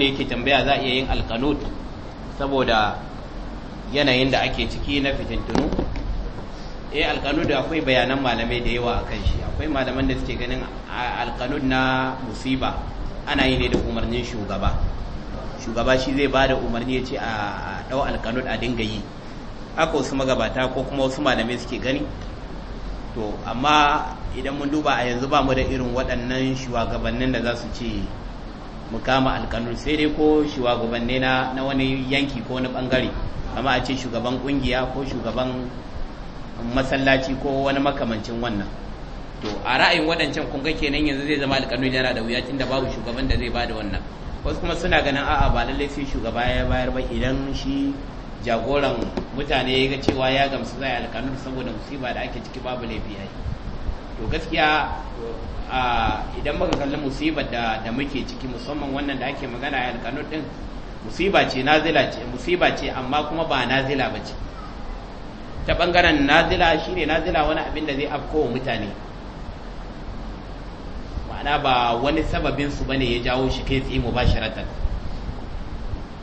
wanda yake tambaya za a iya yin alkanut saboda yanayin da ake ciki na fitintunu eh alkanut da akwai bayanan malamai da yawa a kan shi akwai malaman da suke ganin alkanut na musiba ana yi ne da umarnin shugaba shugaba shi zai ba da umarni ya ce a ɗau alkanut a dinga yi haka wasu magabata ko kuma wasu malamai suke gani to amma idan mun duba a yanzu ba mu da irin waɗannan shugabannin da za su ce mukama alƙanun sai dai ko shugabanni na na wani yanki ko wani bangare amma a ce shugaban ƙungiya ko shugaban masallaci ko wani makamancin wannan to a ra'ayin waɗancan kun ga kenan yanzu zai zama alkanu yana da wuya tunda babu shugaban da zai bada wannan wasu kuma suna ganin a'a ba lallai sai shugaba ya bayar ba idan shi jagoran mutane ya ga cewa ya gamsu zai alƙanun saboda musiba da ake ciki babu laifi yayi to gaskiya idan muka kalli musibar da muke ciki musamman wannan da ake magana a alkanu din musiba ce nazila ce musiba ce amma kuma ba nazila ba ce ta bangaren nazila shine nazila wani abin da zai afko wa mutane ma'ana ba wani sababin su bane ya jawo shi kai tsaye sharatar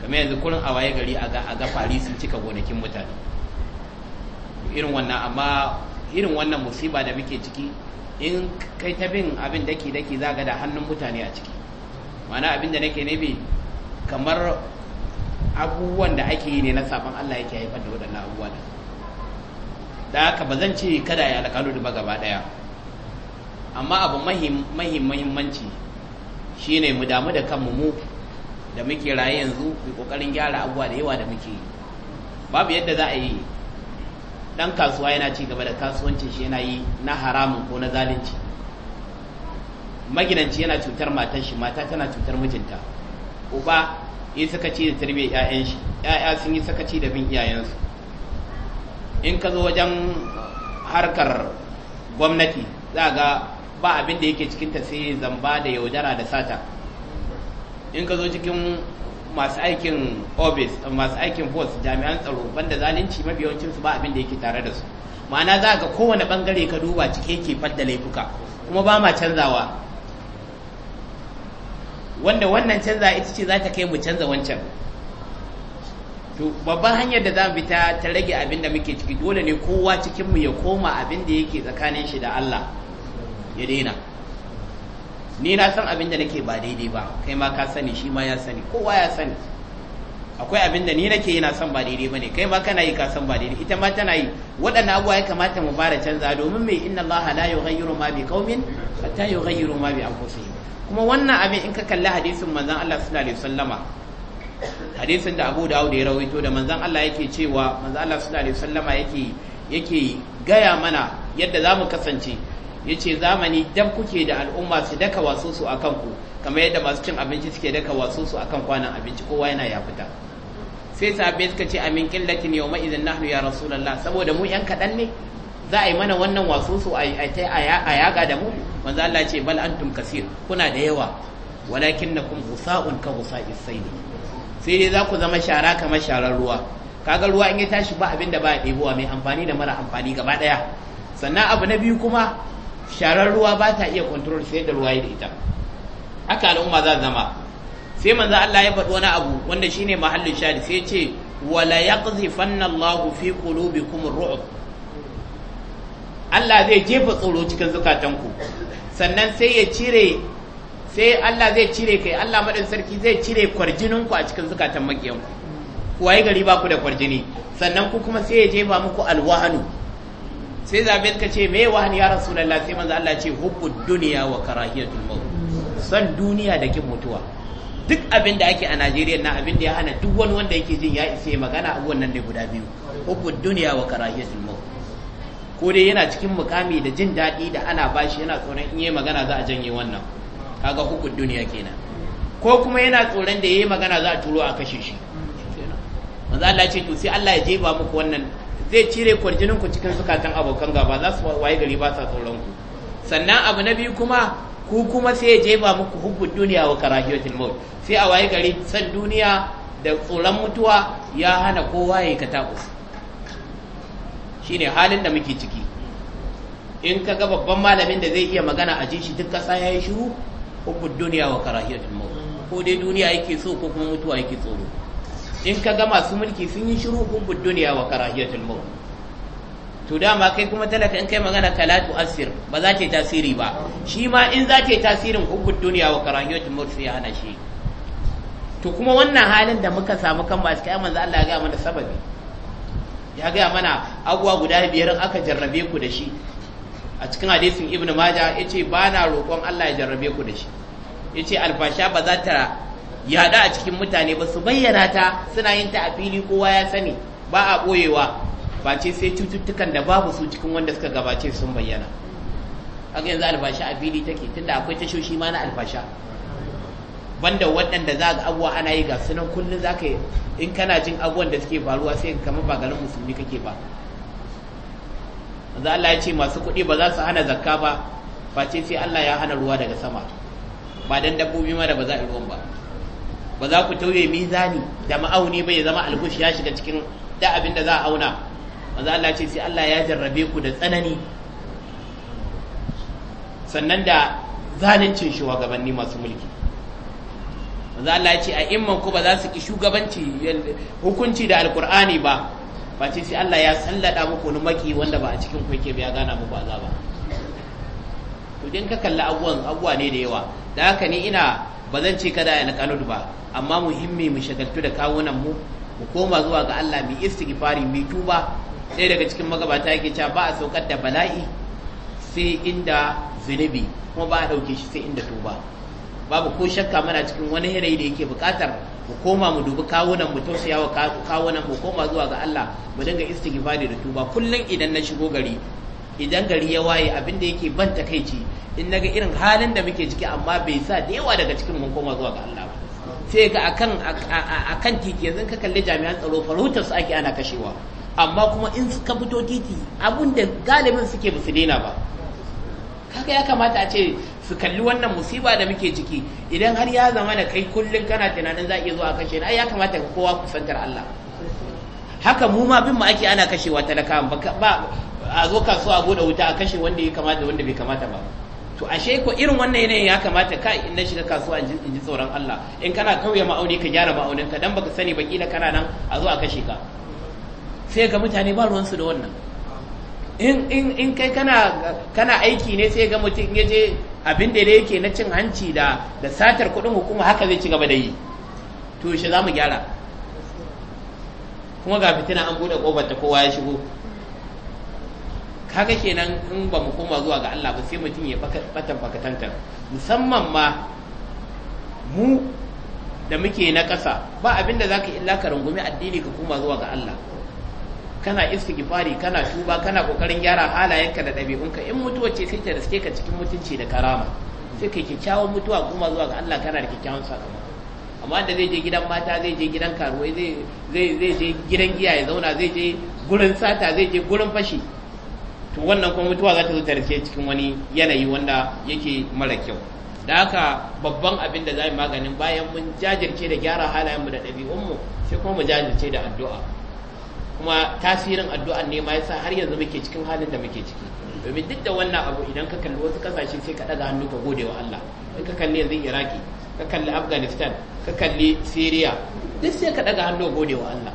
kamar yanzu kurin a waye gari a ga fari sun cika gonakin mutane irin wannan amma irin wannan musiba da muke ciki in kai ta bin abin daki daki za ga da hannun mutane a ciki mana abin da nake nufi kamar abubuwan da ake yi ne na sabon Allah yake haifar da waɗannan abubuwa da da haka ba zan ce kada ya alƙalu ba gaba ɗaya amma abu mahim mahimmanci ne mu damu da kanmu mu da muke raye yanzu mu kokarin gyara abubuwa da yawa da muke yi babu yadda za a yi dan kasuwa yana ci gaba da kasuwancin shi yana yi na haramun ko na zalunci maginanci yana cutar matar shi mata tana cutar mijinta uba yi sakaci da tarbiyyar 'ya'yan shi 'ya'ya sun yi sakaci da bin iyayensu in ka zo wajen harkar gwamnati za ga ba abin da yake cikinta sai zamba da yaudara da sata in ka zo cikin masu aikin obis masu aikin force jami'an tsaro banda zalunci mafi yawancin su ba abin da yake tare da su ma'ana za ga kowane bangare ka duba cike yake fadda laifuka kuma ba ma canzawa wanda wannan canza ita ce za ta kai mu canza wancan to babban hanyar da za mu ta ta rage abin da muke ciki dole ne kowa cikin mu ya koma abin da yake tsakanin shi da Allah ya daina ni na san abin da nake ba daidai ba kai ma ka sani shi ma ya sani kowa ya sani akwai abin da ni nake yi na san ba daidai bane kai ma kana yi ka san ba daidai ita ma tana yi waɗannan abuwa ya kamata mu fara canza domin mai inna Allah la yughayyiru ma bi qaumin hatta yughayyiru ma bi anfusihim kuma wannan abin in ka kalli hadisin manzon Allah sallallahu alaihi wasallama hadisin da Abu Dawud ya rawaito da manzon Allah yake cewa manzon Allah sallallahu alaihi wasallama yake yake gaya mana yadda za mu kasance ya ce zamani dab kuke da al'umma su daka wasu su akan ku kamar yadda masu cin abinci suke daka wasu su akan kwanan abinci kowa yana ya fita sai sahabbai suka ce amin qillatin yawma idan nahnu ya rasulullah saboda mu yan kaɗan ne za a yi mana wannan wasu su a yaga da mu manzo Allah ce bal antum kasir kuna da yawa walakinnakum un ka isai ne. sai dai za ku zama shara kamar sharar ruwa kaga ruwa in ya tashi ba abin da ba ya ɗebowa mai amfani da mara amfani gaba ɗaya sannan abu na biyu kuma sharar ruwa ba ta iya control sai da ruwa ya da ita haka al'umma za zama sai manzo Allah ya faɗi wani abu wanda shine mahallin shari sai ce wala yaqzifanna Allah fi qulubikum ar-ru'b Allah zai jefa tsoro cikin zukatanku sannan sai ya cire sai Allah zai cire kai Allah madan sarki zai cire kwarjininku a cikin zukatan makiyanku waye gari ba ku da kwarjini sannan ku kuma sai ya jefa muku alwahanu sai zaben ka ce me wahani ya rasulullah sai manzo Allah ce hubbud duniya wa karahiyatul maut san duniya da kin mutuwa duk abin da ake a Najeriya na abin da ya hana duk wani wanda yake jin ya isa magana abubuwan nan ne guda biyu hubbud duniya wa karahiyatul maut ko dai yana cikin mukami da jin daɗi da ana bashi yana tsoron in yi magana za a janye wannan kaga hukun duniya kenan ko kuma yana tsoron da yayi magana za a turo a kashe shi manzo Allah ce to sai Allah ya jefa muku wannan zai cire kwarjininku cikin zukatan abokan gaba za su waye gari ba sa tsoron ku sannan abu na biyu kuma ku kuma sai je ba muku hukun duniya wa karahiyotin sai a waye gari san duniya da tsoron mutuwa ya hana kowa ya katabus shine halin da muke ciki in ka ga babban malamin da zai iya magana a jin shi duk kasa yi shiru hukun duniya wa karahiyotin ko dai duniya yake so ko kuma mutuwa yake tsoro in ka ga masu mulki sun yi shiru hubbud duniya wa karahiyatul mawt to dama kai kuma talaka in kai magana kalatu asir ba za ta tasiri ba shi ma in za ta tasirin hukun duniya wa karahiyatul mawt sai hana shi to kuma wannan halin da muka samu kan ba kai manzo Allah ya ga mana sababi ya ga mana abuwa guda biyar aka jarrabe ku da shi a cikin hadisin ibnu maja yace ba na roƙon Allah ya jarrabe ku da shi yace alfasha ba za ta yada a cikin mutane ba su bayyana ta suna yin ta a fili kowa ya sani ba a ɓoyewa ba sai cututtukan da babu su cikin wanda suka gabace sun bayyana haka yanzu alfasha a fili take tunda akwai tashoshi ma na alfasha banda waɗanda za ga abuwa ana yi ga sunan kullum za ka in kana jin abuwan da suke faruwa sai kamar ba garin musulmi kake ba za Allah ya ce masu kuɗi ba za su hana zakka ba face sai Allah ya hana ruwa daga sama ba dan dabbobi ma da ba za a ruwan ba ba za ku tauye mizani da ma'auni bai zama alkush ya shiga cikin da abin da za a auna manzo Allah ce sai Allah ya jarrabe ku da tsanani sannan da zalincin shugabanni masu mulki manzo Allah ya ce a imman ku ba za su ki shugabanci hukunci da alkur'ani ba ba ce sai Allah ya sallada muku wani maki wanda ba a cikin ku yake ya gana muku azaba to din ka kalla abuwan abuwa ne da yawa da haka ne ina ba zan ce kada ya kanudu ba amma muhimmi mu shagaltu da kawunan mu mu koma zuwa ga Allah mu istighfari mu tuba ɗaya daga cikin magabata yake cewa ba a saukar da bala'i sai inda zunubi kuma ba a ɗauke shi sai inda tuba babu ko shakka mana cikin wani yanayi da yake bukatar mu koma mu dubi kawunan mu tausaya wa kawunan mu koma zuwa ga Allah mu dinga istighfari da tuba kullum idan na shigo gari idan gari ya waye abin da yake ban takeici in na ga irin halin da muke ciki amma bai sa da yawa daga cikin mun koma zuwa ga Allah ba sai ga akan akan titi yanzu ka kalli jami'an tsaro farautar su ake ana kashewa amma kuma in suka fito titi abun da galibin suke ba su daina ba kaga ya kamata a ce su kalli wannan musiba da muke ciki idan har ya zama da kai kullum kana tunanin za a iya zuwa kashe ai ya kamata ka kowa kusantar Allah haka mu ma bin mu ake ana kashewa talaka ba a zo kasuwa a bude wuta a kashe wanda ya kamata wanda bai kamata ba to ashe ko irin wannan yanayin ya kamata ka in na shiga kasuwa in ji tsoron Allah in kana kauye ma'auni ka gyara ma'auninka dan baka sani ba kila kana nan a zo a kashe ka sai ga mutane ba ruwansu da wannan in in in kai kana kana aiki ne sai ga mutum ya je abin da yake na cin hanci da da satar kuɗin hukuma haka zai ci gaba da yi to shi za mu gyara kuma ga fitina an buɗe ƙofar ta kowa ya shigo kaga kenan in ba mu koma zuwa ga Allah ba sai mutum ya fatan fakatantar musamman ma mu da muke na ƙasa ba abin da zaka illa ka rungumi addini ka koma zuwa ga Allah kana istighfari kana tuba kana kokarin gyara halayenka da ɗabi'unka in mutuwa ce sai ta riske ka cikin mutunci da karama sai kai kyakkyawan mutuwa kuma zuwa ga Allah kana da kyakkyawan sakamako amma da zai je gidan mata zai je gidan karuwai zai je gidan giya ya zauna zai je gurin sata zai je gurin fashi to wannan kuma mutuwa za ta zo ta cikin wani yanayi wanda yake mara kyau da haka babban abin da za mu maganin bayan mun jajirce da gyara halayenmu da ɗabi'unmu sai kuma mu jajirce da addu'a kuma tasirin addu'a ne ma yasa har yanzu muke cikin halin da muke ciki domin duk da wannan abu idan ka kalli wasu kasashe sai ka ɗaga hannu ka gode wa Allah in ka kalli yanzu Iraki ka kalli Afghanistan ka kalli Syria duk sai ka ɗaga hannu ka gode wa Allah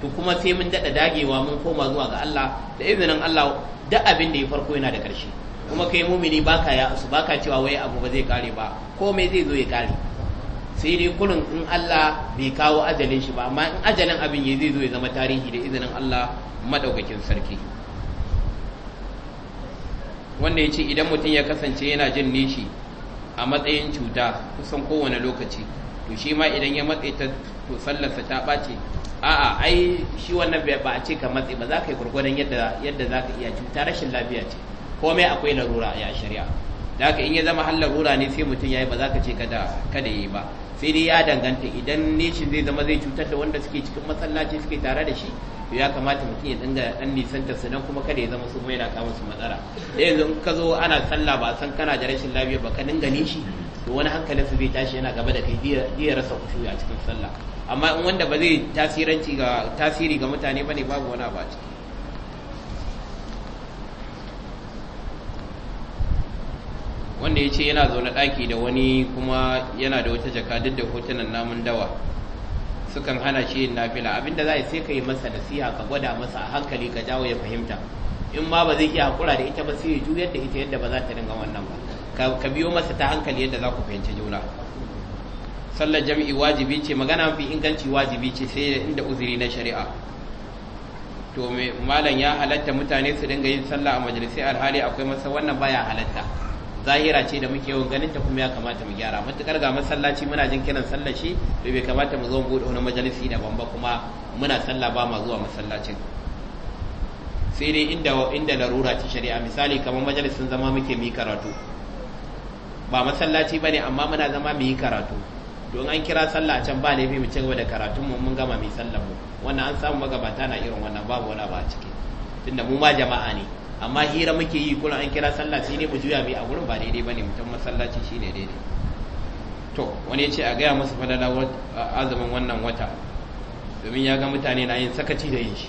to kuma sai mun daɗa dagewa mun koma zuwa ga Allah da izinin Allah da abin da ya farko yana da ƙarshe kuma kai mumini baka ya su baka cewa wai abu ba zai kare ba komai zai zo ya kare sai dai kurin in Allah bai kawo ajalin shi ba amma in ajalin abin ya zai zo ya zama tarihi da izinin Allah madaukakin sarki wanda ya ce idan mutum ya kasance yana jin nishi a matsayin cuta kusan kowane lokaci to shi ma idan ya matse ta to sallarsa ta ɓace a'a ai shi wannan ba a ce ka matse ba za ka yi gwargwadon yadda yadda za ka iya cuta rashin lafiya ce komai akwai larura a shari'a da haka in ya zama har larura ne sai mutum ya yi ba za ka ce kada kada yi ba sai dai ya danganta idan nishin zai zama zai cutar da wanda suke cikin masallaci suke tare da shi to ya kamata mutum ya dinga dan nisanta su nan kuma kada ya zama su mai na kawo su matsala da yanzu in ka zo ana sallah ba san kana da rashin lafiya ba ka dinga nishi to wani hankalin su zai tashi yana gaba da kai zai rasa kushu a cikin sallah amma in wanda ba zai tasiranci ga tasiri ga mutane bane babu wani abu a ciki wanda ya ce yana zaune daki da wani kuma yana da wata jaka duk da hotunan namun dawa sukan hana shi yin nafila abinda za a sai ka yi masa nasiha ka gwada masa a hankali ka jawo ya fahimta in ma ba zai iya hakura da ita ba sai ya juyar da ita yadda ba za ta dinga wannan ba ka biyo masa ta hankali yadda za ku fahimci juna sallar jami'i wajibi ce magana mafi inganci wajibi ce sai inda uzuri na shari'a to malam ya halatta mutane su dinga yin sallah a majalisai alhali akwai masa wannan baya halatta zahira ce da muke yawan ganin ta kuma ya kamata mu gyara matukar ga masallaci muna jin kiran sallar shi to bai kamata mu zo mu bude wani majalisi da ba kuma muna sallah ba ma zuwa masallacin sai dai inda inda larura ta shari'a misali kamar majalisin zama muke mi karatu ba masallaci ba ne amma muna zama mu yi karatu don an kira sallah can ba laifi mu ci gaba da karatun mu mun gama mai sallah mu wannan an samu magabata na irin wannan babu wani ba a ciki tunda mu ma jama'a ne amma hira muke yi kullum an kira sallah shine mu juya mai a gurin ba daidai bane mutum masallaci shine daidai to wani ya ce a gaya musu fadala azumin wannan wata domin ya ga mutane na yin sakaci da yin shi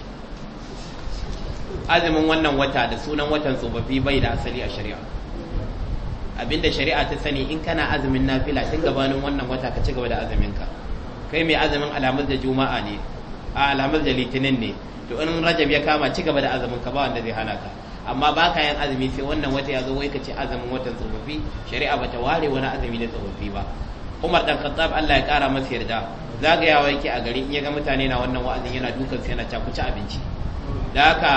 azumin wannan wata da sunan watan tsofaffi bai da asali a shari'a abinda shari'a ta sani in kana azumin nafila tun gabanin wannan wata ka ci gaba da azumin ka kai mai azumin alamar da juma'a ne a alamar da litinin ne to in rajab ya kama ci gaba da azumin ka ba wanda zai hana ka amma ba ka yin azumi sai wannan wata ya zo wai ka ce azumin watan tsofaffi shari'a bata ware wani azumi na tsofaffi ba Umar dan Khattab Allah ya kara masa yarda zagayawa yake a gari in ya ga mutane na wannan wa'azin yana dukan sai yana cakuci abinci da haka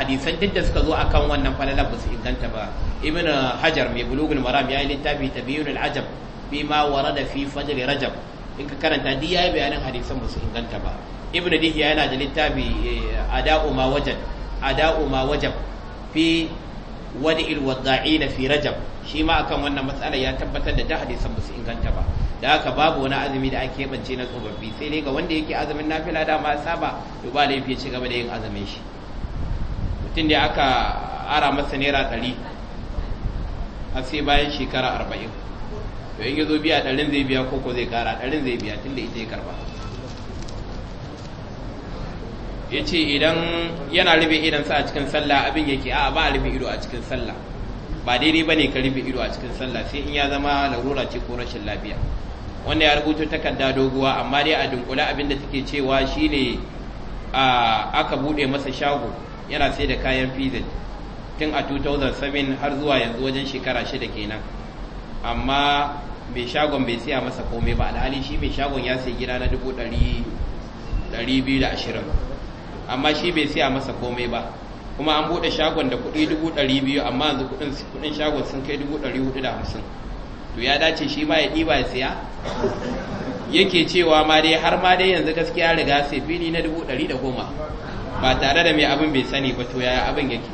hadisan duk da suka zo akan wannan falala ba su inganta ba ibn hajar mai bulugul maram ya yi littafi ta al-ajab bima warada fi fajr rajab in ka karanta duk yayi bayanin hadisan ba su inganta ba ibn dihiya yana da littafi eh, ada'u ma wajad ada'u ma wajab fi wada'il wadda'ina fi rajab shi ma akan wannan matsalar ya tabbatar da da hadisan ba su inganta ba da haka babu wani azumi da ake bance na tsofaffi sai dai ga wanda yake azumin nafila dama saba to ba laifi ci gaba da yin azumin shi tun da aka ara masa naira ɗari a sai bayan shekara arba'in to in ya zo biya ɗarin zai biya koko zai ƙara ɗarin zai biya tun da ita ya karba ya ce idan yana rufe idansa a cikin sallah abin yake a ba a rufe ido a cikin sallah ba daidai ba ne ka rufe ido a cikin sallah sai in ya zama larura ce ko rashin lafiya wanda ya rubuto takarda doguwa amma dai a dunkula abin da take cewa shine aka bude masa shago yana sai da kayan fizil tun a 2007 har zuwa yanzu wajen shekara shida kenan amma mai shagon bai siya masa komai ba alhali shi mai shagon ya sai gida na 220 amma shi bai siya masa komai ba kuma an bude shagon da kuɗi 200 amma yanzu kuɗin shagon sun kai 450 to ya dace shi ma ya ɗiba ya siya yake cewa ma dai har ma dai yanzu gaskiya riga sai fili na 110 ba tare da mai abin bai sani ba to yaya abin yake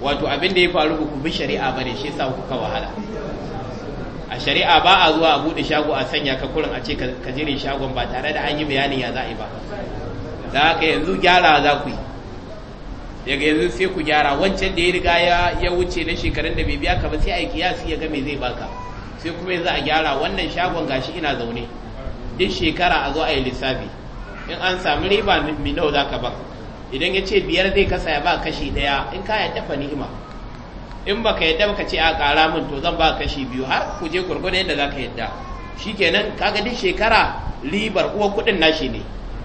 wato abin da ya faru ku bi shari'a ba ne shi yasa kuka wahala a shari'a ba a zuwa a buɗe shago a sanya ka kurin a ce ka jire shagon ba tare da an yi bayanin ya za'i ba da haka yanzu gyara za ku yi daga yanzu sai ku gyara wancan da ya riga ya wuce na shekarun da bai biya ka ba sai a yi kiyasi ya ga me zai baka sai kuma yanzu a gyara wannan shagon gashi ina zaune duk shekara a zo a yi lissafi in an sami riba mi nawa za ka ba idan ya ce biyar zai kasa ya ba kashi daya in ka yadda fa ni'ima in baka yadda baka ce a kara min to zan ba kashi biyu har ku je gwargwado yadda za ka yadda shikenan kaga duk shekara ribar uwa kuɗin nashi ne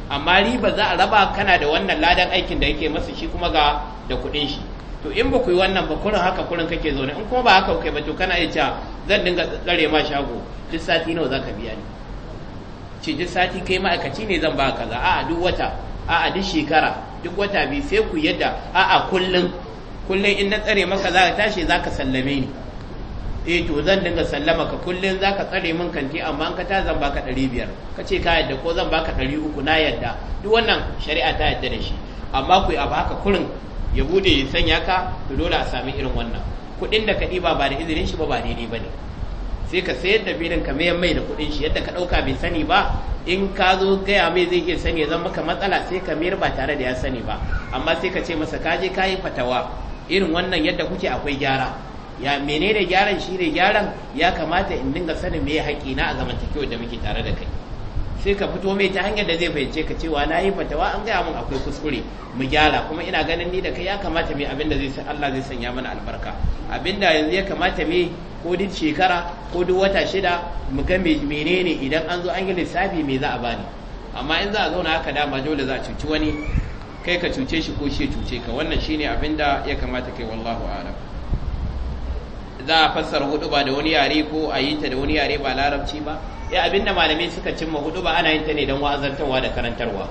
amma riba za a raba kana da wannan ladan aikin da yake masa shi kuma ga da kuɗin shi to in ba ku yi wannan ba kurin haka kurin kake zaune in kuma ba haka kai ba to kana iya cewa zan dinga tsare ma shago duk sati nawa za ka biya ni ce duk sati kai ma'aikaci ne zan ba kaza a'a duk wata a'a duk shekara duk wata biyu sai ku yadda a'a kullum kullum in na tsare maka za ka tashi za ka sallame ni E, to zan dinga sallama ka kullum za ka tsare min kanti amma an ka ta zan baka ɗari biyar ka ce ka yadda ko zan baka ɗari uku na yadda duk wannan shari'a ta yadda da shi amma ku abu haka kurin ya bude ya sanya ka to dole a sami irin wannan kuɗin da ka ɗiba ba da izinin shi ba ba daidai ba ne sai ka sayar da filin ka mayan mai da kuɗin shi yadda ka ɗauka bai sani ba in ka zo gaya mai zai iya sani ya zama maka matsala sai ka mayar ba tare da ya sani ba amma sai ka ce masa ka je ka yi fatawa irin wannan yadda kuke akwai gyara ya menene gyaran shi ne gyaran ya kamata in dinga sanin me haƙi na a zamantakewar da muke tare da kai sai ka fito mai ta hanyar da zai fahimce ka cewa na yi fatawa an gaya mun akwai kuskure mu gyara kuma ina ganin ni da kai ya kamata mai abin zai san Allah zai sanya mana albarka abin da yanzu ya kamata mai ko duk shekara ko duk wata shida mu ga menene idan an zo an yi lissafi me za a bani amma in za a zauna haka dama dole za a cuci wani kai ka cuce shi ko shi cuce ka wannan shine abin da ya kamata kai wallahu a'lam za a fassara hudu ba da wani yare ko a yi ta da wani yare ba larabci ba ya abin da malamai suka cimma hudu ba ana yin ta ne don wa'azantarwa da karantarwa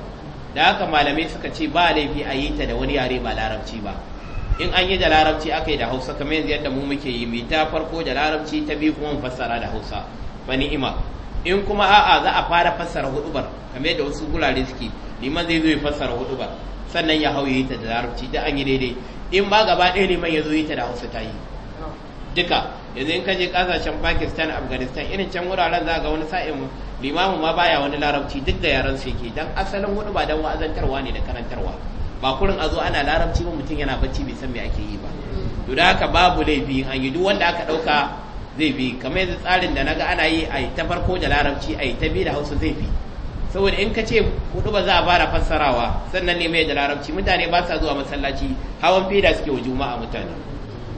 da haka malamai suka ce ba laifi a yi ta da wani yare ba larabci ba in an yi da larabci aka yi da hausa kamar yanzu yadda mu muke yi mai ta farko da larabci ta biyu kuma fassara da hausa ba ni'ima in kuma a'a za a fara fassara hudubar kamar yadda wasu gurare suke liman zai zo ya fassara hudubar sannan ya hau yi ta da larabci da an yi daidai in ba gaba ɗaya liman ya zo yi ta da hausa ta yi duka yanzu in ka je kasashen pakistan afghanistan irin can wuraren za ga wani sa'in limamu ma baya wani larabci duk da yaran su yake dan asalin hudu ba dan wa'azantarwa ne da karantarwa ba kurin a zo ana larabci ba mutum yana bacci bai san me ake yi ba to da haka babu laifi an yi duk wanda aka dauka zai bi kamar yanzu tsarin da naga ana yi a ta farko da larabci a ta bi da hausa zai bi saboda in ka ce hudu ba za a fara fassarawa sannan ne mai da larabci mutane ba sa zuwa masallaci hawan feda suke wa juma'a mutane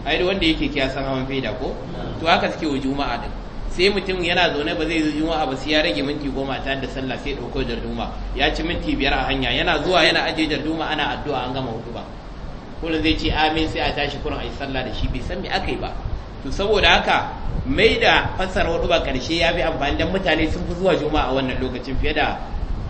ai wanda yake kiyasan hawan feda ko to haka suke wa juma'a din sai mutum yana zaune ba zai zo juma'a ba sai ya rage minti goma ta da sallah sai ɗauko jarduma ya ci minti biyar a hanya yana zuwa yana ajiye jarduma ana addu'a an gama ba. kullum zai ce amin sai a tashi kurin a yi sallah da shi bai san me aka yi ba to saboda haka mai da fassara hudu ba karshe ya fi amfani dan mutane sun fi zuwa juma'a a wannan lokacin fiye da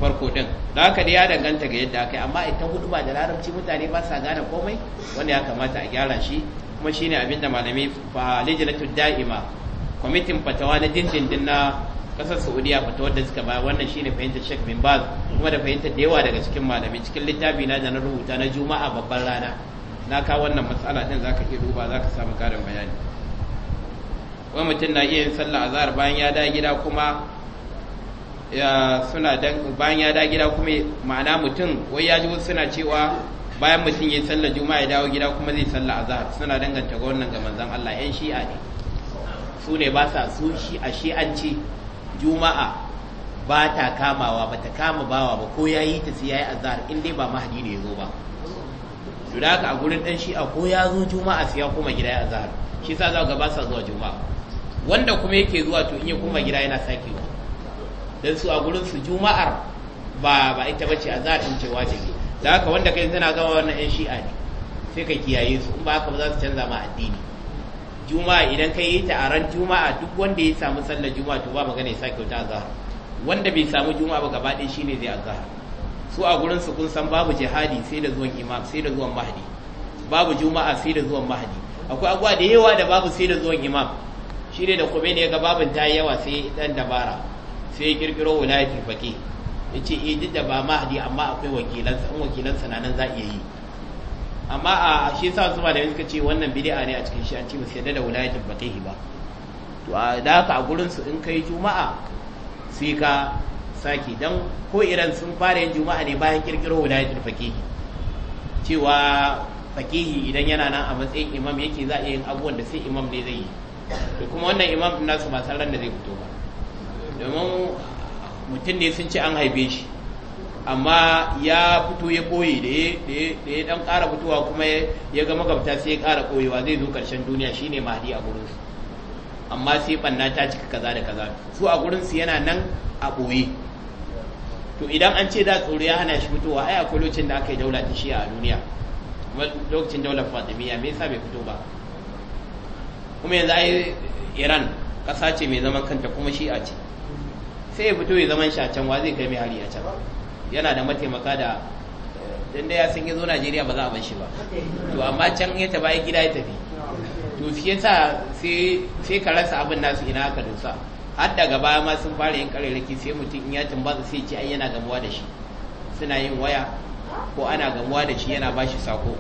farko din da haka dai ya danganta ga yadda aka yi amma ita hudu ba da larabci mutane ba sa gane komai wanda ya kamata a gyara shi kuma shine abin da malamai fa lijilatu da'ima kwamitin fatawa na dindindin na kasar saudiya fatawa da suka ba wannan shine fahimtar sheikh min baz kuma da fahimtar da yawa daga cikin malami cikin littafi na da na rubuta na juma'a babban rana na kawo wannan matsala din zaka iya duba zaka samu karin bayani wani mutum na iya yin sallah a zahar bayan ya da gida kuma ya suna dan bayan ya da gida kuma ma'ana mutum wai ya ji wasu suna cewa bayan mutum ya sallah juma'a ya dawo gida kuma zai sallah a zahar suna danganta ga wannan ga manzon Allah yan shi'a ne su ne ba sa su shi a shi an ce juma'a ba ta kamawa ba ta kama bawa ba ko ya yi ta sai ya yi azhar in dai ba mahadi ne ya zo ba su da haka a gurin dan shi a ko ya zo juma'a sai ya koma gida ya azhar shi sa za ba sa zuwa juma'a wanda kuma yake zuwa to in ya koma gida yana sake sakewa dan su a gurin su juma'ar ba ba ita bace azhar din ce wajibi da haka wanda kai tana gama wannan yan shi'a ne sai ka kiyaye su in ba haka ba za su canza ma addini juma'a idan ka yi ta a juma'a duk wanda ya samu sallar juma'a to ba magana ya sake wata azhar wanda bai samu juma'a ba gaba ɗaya shine zai azhar su a gurin su kun san babu jihadi sai da zuwan imam sai da zuwan mahdi babu juma'a sai da zuwan mahdi akwai abuwa da yawa da babu sai da zuwan imam shine da kome ne ga babin ta yawa sai dan dabara sai ya kirkiro wulayatul faqih yace eh, da ba mahdi amma akwai wakilansa in wakilansa na nan za iya yi amma a shi sa su malamai suka ce wannan bid'a ne a cikin shi an ce ba su yadda da wulayatul faqihi ba to a da haka a gurin su in yi juma'a sai ka saki dan ko iran sun fara yin juma'a ne bayan kirkiro wulayatul faqihi cewa fakihi idan yana nan a matsayin imam yake za a yin abubuwan da sai imam ne zai yi to kuma wannan imam nasu ba ran da zai fito ba domin mutum ne sun ce an haife shi amma ya fito ya koye da ya dan ƙara fitowa kuma ya ga magabta sai ya ƙara koyewa zai zo ƙarshen duniya shine mahdi a gurin su amma sai banna ta cika kaza da kaza su a gurin su yana nan a boye to idan an ce da tsoro ya hana shi fitowa ai akwai lokacin da aka yi daula ta shi a duniya kuma lokacin daular fatimiyya me yasa bai fito ba kuma yanzu ai iran ƙasa ce mai zaman kanta kuma shi a ce sai ya fito ya zaman shi a can wa zai kai mai hari a can yana da mataimaka da dan da ya san ya zo Najeriya ba za a bar shi ba to amma can ya ta ya gida ya tafi to shi yasa sai sai ka rasa abin nasu ina aka dosa har daga baya ma sun fara yin karerake sai mutum in ya tumbatsa sai ce ai yana gamuwa da shi suna yin waya ko ana gamuwa da shi yana bashi sako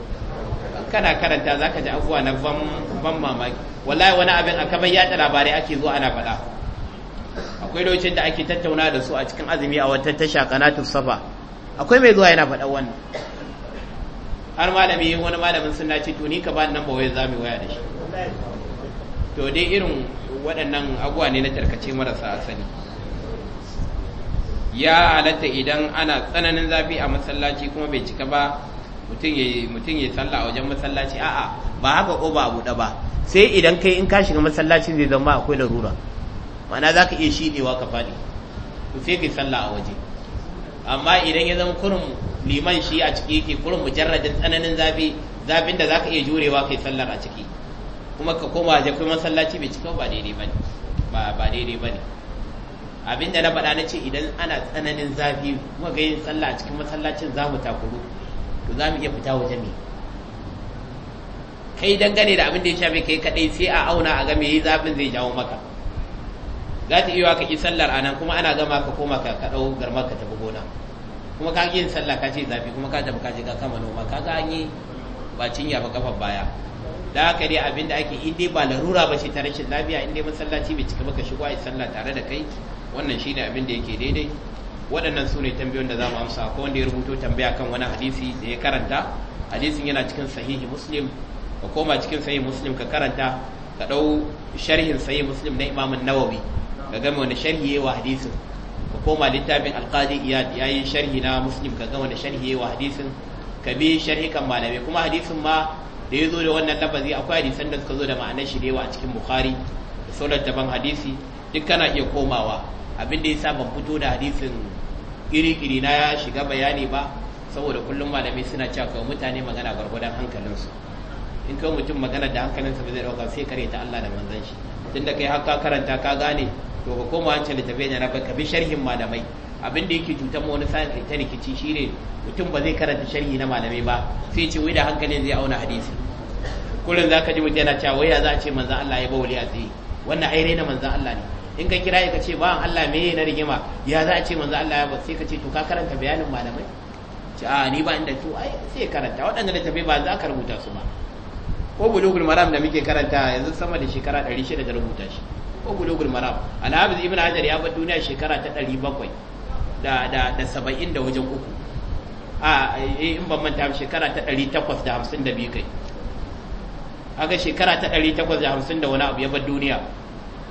kana karanta zaka ji abubuwa na ban mamaki wallahi wani abin a kamar yaɗa labarai ake zuwa ana faɗa akwai lokacin da ake tattauna da su a cikin azumi a wata tasha kanatu safa akwai mai zuwa yana faɗa wannan har malami wani malamin suna ce to ni ka ba nan ba wai za mu waya da shi to dai irin waɗannan abuwa ne na tarkace marasa asali ya halatta idan ana tsananin zafi a masallaci kuma bai cika ba mutum ya sallah a wajen masallaci a'a ba haka ko ba a buɗe ba sai idan kai in ka shiga masallacin zai zama akwai larura mana za ka iya shiɗewa ka faɗi to sai kai sallah a waje amma idan ya zama kurin liman shi a ciki yake kurin mujarradin tsananin zafi zafin da za ka iya jurewa kai sallar a ciki kuma ka koma waje kuma masallaci bai cika ba daidai bane ba ba daidai bane abinda na faɗa na ce idan ana tsananin zafi kuma ga yin sallah a cikin masallacin za mu takuru to za mu iya fita waje ne. kai dangane da abin da ya shafe kai kadai sai a auna a ga me zafin zai jawo maka za ta iya ka ƙi sallar a nan kuma ana gama ka koma ka kaɗau garma ka tafi gona kuma ka yin sallar ka ce zafi kuma ka tafi ka je ka kama noma ka ga an ba cinya ba kafar baya da haka dai abin da ake in ba larura ba ce ta rashin lafiya in dai masallaci bai cika maka shigo a sallah tare da kai wannan shine abin da yake daidai waɗannan su ne tambayoyin da za mu amsa ko wanda ya rubuto tambaya kan wani hadisi da ya karanta hadisin yana cikin sahihi muslim ka koma cikin sahihi muslim ka karanta ka ɗau sharhin sahihi muslim na imamun nawawi ka ga wani sharhi wa hadisin ka koma littafin alkali iyad yayi sharhi na muslim ka ga wani sharhi wa hadisin ka bi sharhi kan malamai kuma hadisin ma da ya zo da wannan lafazi akwai hadisan da suka zo da ma'anar shi da yawa a cikin bukhari da sauran daban hadisi duk kana iya komawa abin da yasa ban fito da hadisin iri-iri na ya shiga bayani ba saboda kullum malamai suna cewa mutane magana gwargwadon hankalinsu in kawai mutum magana da hankalinsa ba zai dauka sai kare ta Allah da manzon shi tunda kai haka karanta ka gane to ba koma wancan littafai ne na ba ka bi sharhin malamai abin da yake cutar wani sa'in kai ta rikici shine mutum ba zai karanta sharhi na malamai ba sai ce wai da hankali zai auna hadisi kullum ka ji mutum yana cewa wai ya za a ce manzan Allah ya ba wali a tsaye wannan ai raina manzan Allah ne in ka kira ka ce bawan Allah me na rigima ya za a ce manzan Allah ya ba sai ka ce to ka karanta bayanin malamai ce a ni ba inda to ai sai karanta waɗannan littafai ba za ka rubuta su ba ko bulugul maram da muke karanta yanzu sama da shekara 600 da rubuta shi ko maram alhabis ibn hajar ya bar duniya shekara ta 700 da da da 70 da wajen uku a eh, in ban manta shekara ta 852 kai aga shekara ta 850 da wani abu ya bar duniya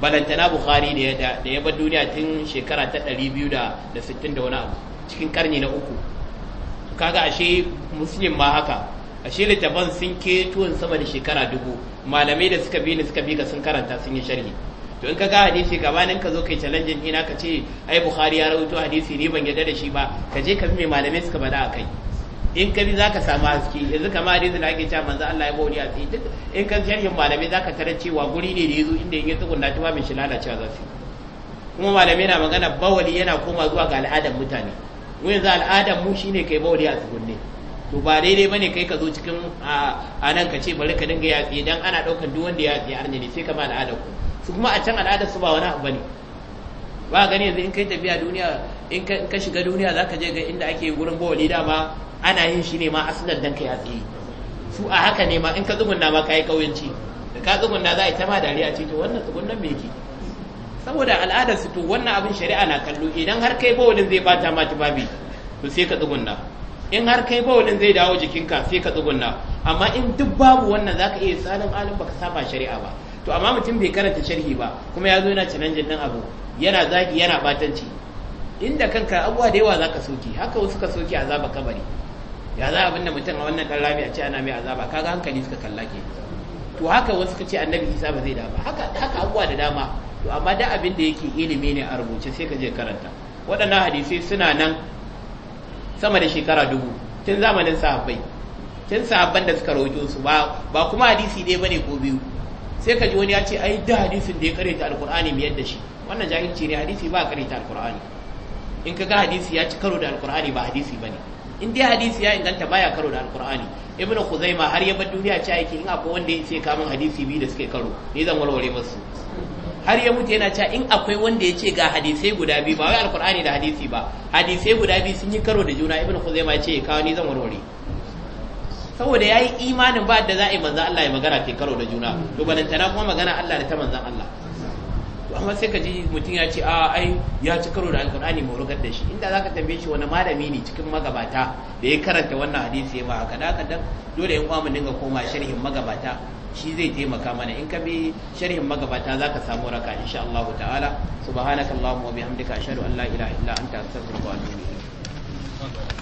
balantana bukhari ne da ya bar duniya tun shekara ta 260 da wani abu cikin karni na uku kaga ashe muslim ma haka ashe littafan sun ke tuwon sama da shekara dubu malamai da suka bi ni suka bi ka sun karanta sun yi sharhi to in ka ga hadisi gabanin ka zo kai challenge ina ka ce ai bukhari ya rawaito hadisi ni ban yarda da shi ba ka je ka bi mai malamai suka bada akai in ka bi zaka samu haske yanzu kamar hadisi da ake cewa manzo Allah ya bauri a tsaye duk in ka sharhin malamai zaka tarar cewa guri ne da yazo inda in ya tsugunna tuwa min shi za su. kuma malamai na magana bawali yana koma zuwa ga al'adar mutane mu yanzu al'adar mu shine kai bawali a tsugunne to ba daidai bane kai ka zo cikin a nan ka ce bari ka dinga yatsi dan ana daukan duk wanda ya yatsi arne ne sai ka ba al'adar su kuma a can al'adar su ba wani abu bane ba gani yanzu in kai tafiya duniya in ka shiga duniya zaka je ga inda ake gurin bawali dama ana yin shi ne ma asalan dan ya hatsi su a haka ne ma in ka tsugunna ma kai kauyanci da ka tsugunna za a yi ta ma dariya ce to wannan tsugunnan me yake saboda al'adar su to wannan abin shari'a na kallo idan har kai bawalin zai bata ma babi to sai ka tsugunna in har kai bawalin zai dawo jikinka sai ka tsugunna amma in duk babu wannan zaka iya salon alim baka saba shari'a ba to amma mutum bai karanta sharhi ba kuma ya zo yana cananjin nan abu yana zagi yana batanci inda kanka abuwa da yawa zaka soki haka wasu ka soki azaba kabari ya za abin da mutum a wannan dan rami a ce ana mai azaba kaga hankali suka kalla ke to haka wasu ka ce annabi isa ba zai da ba haka haka abuwa da dama to amma da abin da yake ilimi ne a rubuce sai ka je karanta waɗannan hadisai suna nan sama da shekara dubu tun zamanin sahabbai tun sahabban da suka roƙo su ba ba kuma hadisi ɗaya bane ko biyu sai ka ji wani ya ce ai da hadisin da ya karanta alkur'ani mai yadda shi wannan jahilci ne hadisi ba karanta alkur'ani in ka ga hadisi ya ci karo da alkur'ani ba hadisi bane in dai hadisi ya inganta baya karo da alkur'ani ibn khuzaima har ya bar duniya ce aiki in akwai wanda ya ce kamun hadisi biyu da suke karo ni zan warware masu har ya mutu yana cewa in akwai wanda ya ce ga hadisai guda biyu ba wai alkur'ani da hadisi ba hadisai guda biyu sun yi karo da juna ibn khuzaima ya ce kawo ni zan warware saboda ya yi imanin ba da za a yi manzan Allah ya magana ke karo da juna to balantana kuma magana Allah da ta manzan Allah to amma sai ka ji mutum ya ce a ai ya ci karo da alkur'ani mu rugar da shi inda zaka tambaye shi wani malami ne cikin magabata da ya karanta wannan hadisi ya ba haka da haka dan dole in mu dinga koma sharhin magabata shi zai taimaka mana in ka bi sharhin magabata zaka samu raka insha Allah ta'ala subhanakallahumma wa bihamdika ashhadu an la ilaha illa anta astaghfiruka wa atubu ilayk